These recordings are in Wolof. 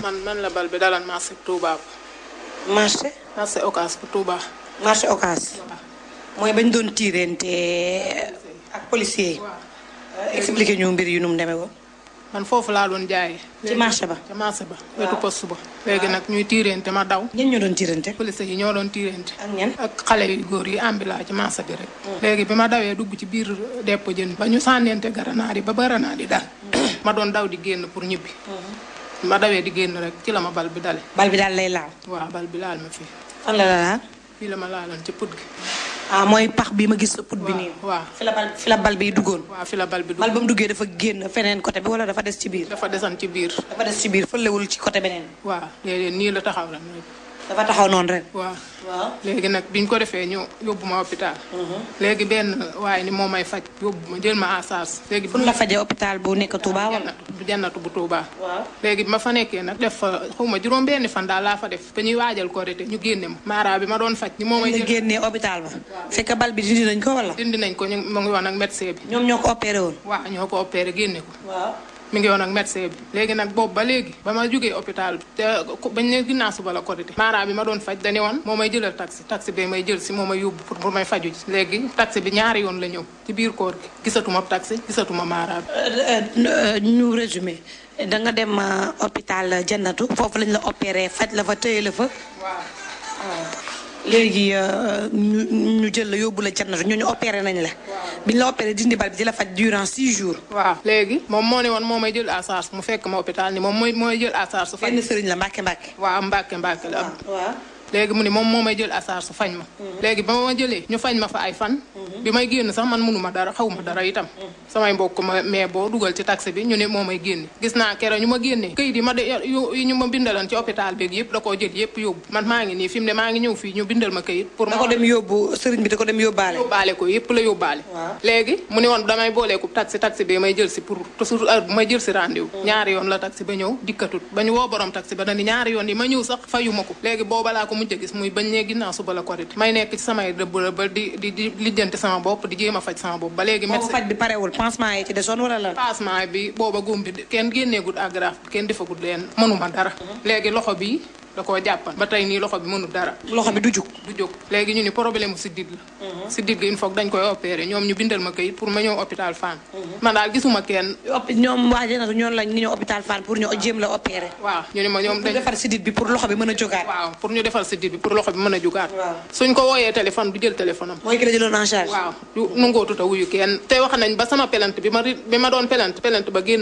man man la bal bi dalan marché Touba. marché. marché Ocass bu Touba. marché Ocass. mooy bañ doon tiireente eh, ak policier yi. expliqué ñu mbir yi nu mu demee ko. man foofu laa doon jaayee. ci marché ba ci marché ba. wetu poste ba. léegi nag ñuy tiirante ma daw. ñenn ñoo doon tiirante. police yi ñoo doon tiirante. ak ñenn ak xale yu góor yi ambila ci marché bi rek. Mm. léegi ba ma dawee dugg ci biir dépôt jën. ba ñu sànnente garanaar yi ba baranaar yi daal. Mm. ma doon daw di génn pour ñibbi. Mm. ma dawee di génn rek ci la ma bal bi dale. bal bi daal lay laal. waaw bal bi laal ma fii. fan la la laal. fii la ma laaloon ci put gi. ah mooy pax bi ma gis sa put bi nii. waaw fi la bal fi la bal bi duggoon. la bal bi ba mu duggee dafa génn feneen côté bi wala dafa des ci biir. dafa desan ci biir. dafa des ci biir fëlewul ci côté beneen. waaw léeg-léeg nii la taxaw rek. dafa taxaw noonu rek. waa waaw léegi nag bi ñu ko defee ñu yóbbu ma hôpital. Mhm. léegi benn waaye ni moom may faj yóbbu ma jël ma en charge. léegi bu la fajee hôpital bu nekk Touba wala. bu jannatu bu Touba. waaw léegi bi ma fa nekkee nag. def fa xaw ma juróom benn fan daal laa fa def ba ñuy waajal Korité ñu génne ma. maaraam bi ma doon faj ni moo may. jël génnee hôpital ba. fekk bal bi dindi nañ ko wala. dindi nañ ko ñu mu ngi woon ak médecin bi. ñoom ñoo ko opéré woon. waa ñoo ko opéré génne ko. mu ngi woon ak médecin bi léegi nag boobu ba léegi ba ma jugee hôpital bi te bañ ne ginnaaw suba la korité maara bi ma doon faj dañu woon moo may jëlal taxi taxi bi may jël si moo may yóbbu pour may faju ji léegi taxi bi ñaari yoon la ñëw ci biir koor gi gisatuma taxi gisatuma maara bi ñu euh, euh, euh, da nga dem hôpital jannatu foofu lañ la opéré faj la fa tëye la fa waaw léegi euh, ñu jël la yobul la ci cannatu ñu opéré nañ la. biñ la opéré dindi bal bi di la faj durant 6 jours. waaw léegi moom moo ne woon moo jël à charge mu fekk ma hôpital ni mom moy moy jël à charge su faj. benn sëriñ la mbacké mbacké waaw mbacké mbacké la. waaw léegi mu ni moom moo may jël asaar su fañ ma mhm. léegi ba ma jëlee ñu fañ ma fa ay fan mhm. bi may génn sax man mënuma dara xawuma dara itam mhm. samay mbokk ma mais boo dugal ci taxi bi ñu ne moo may génne gis naa kere ñu ma génnee këyit yi ma de ñu ma bindaloon ci hôpital yëpp da koo jël yëpp yóbbu man maa ngi nii fi mu ne maa ngi ñëw fii ñu bindal ma këyit pour da ko dem yóbbu sëriñ bi da ko dem yóbbaale yóbbaale ko yëpp la yóbbaale léegi mu ne woon damay booleeku taxi taxi bi may jël si pour toujours heure may jël si rendez ñaari yoon la taxi ba ñëw dikkatut ba ñu woo borom taxi ba dani ñaari yoon yi ma ñëw sax fayu ma ko léegi booba laa ko mujj gis muy bañ nee ginnaaw suba la korite may nekk ci samay rëbb rëbb di di di lijjanti sama bopp di jéem a faj sama bopp ba léegi médecin faj bi parewul pansement yi ci desoon wala la pansement bi booba guum bi kenn génneegul agrafe bi kenn defagul leen mënuma dara léegi loxo bi da koo jàppan ba tey nii loxo bi mënul dara loxo bi du jug léegi ñu ni problème siddiit la mhm. siddiit gi il faut dañ koy opéré ñoom ñu bindal ma kayit pour ma mhm. ñoom la ma defar siddiit bi pour loxo bi mën a jugaat waaw ñu a ko wooyee téléphone du jël téléphone am mooy ki la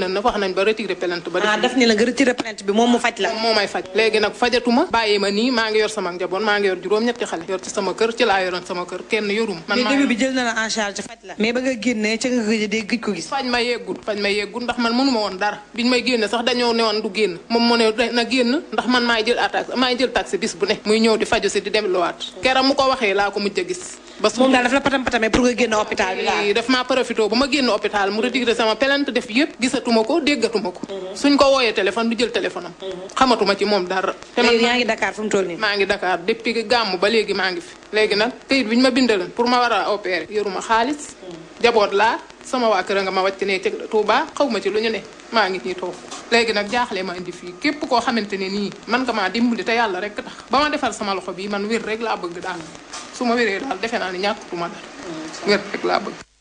na wax ah, def ni la nga retiré pelante bi moom mu faj la moom may faj léegi nag fajar seetuma bàyyi ma nii maa ngi yor sama njaboot maa ngi yor juróom-ñetti xale yor ci sama kër ci laa yoroon sama kër kenn yoruma man début bi jël na la en charge faj la mais ba nga génnee ca nga gëj dee gëj ko gis fañ ma yeggul fañ ma yeggul ndax man mënuma woon dara biñ may génne sax dañoo newoon du génn moom mu ne na génn ndax man maay jël attaque maay jël taxi bis bu ne muy ñëw di faju si di delluwaat keram mu ko waxee laa ko mujj a gis ba moom daal daf la patam patamee pour nga génn hôpital bi daal daf maa profité ba ma génn hôpital mu retiré sama plainte def yëpp gisatuma ko déggatuma ko suñ ko wooyee téléphone du jël téléphone am xamatuma ci moom dara léegi yaa ngi Dakar fu mu toll nii. maa ngi Dakar depuis ba léegi maa fi léegi nag këyit bi ma bindaloon pour ma war opérer. yoruma xaalis. jaboot laa sama waa kër nga ma wàcc ne cëg Touba xaw ma ci lu ñu ne maa ngi ciy toog léegi nag ma indi fii képp koo xamante ne man nga maa dimbali te yàlla rek tax ba defal sama loxo bi man wér rek laa bëgg daal su ma wéree daal defe naa ne ñàkkutuma dara mm. rek laa bëgg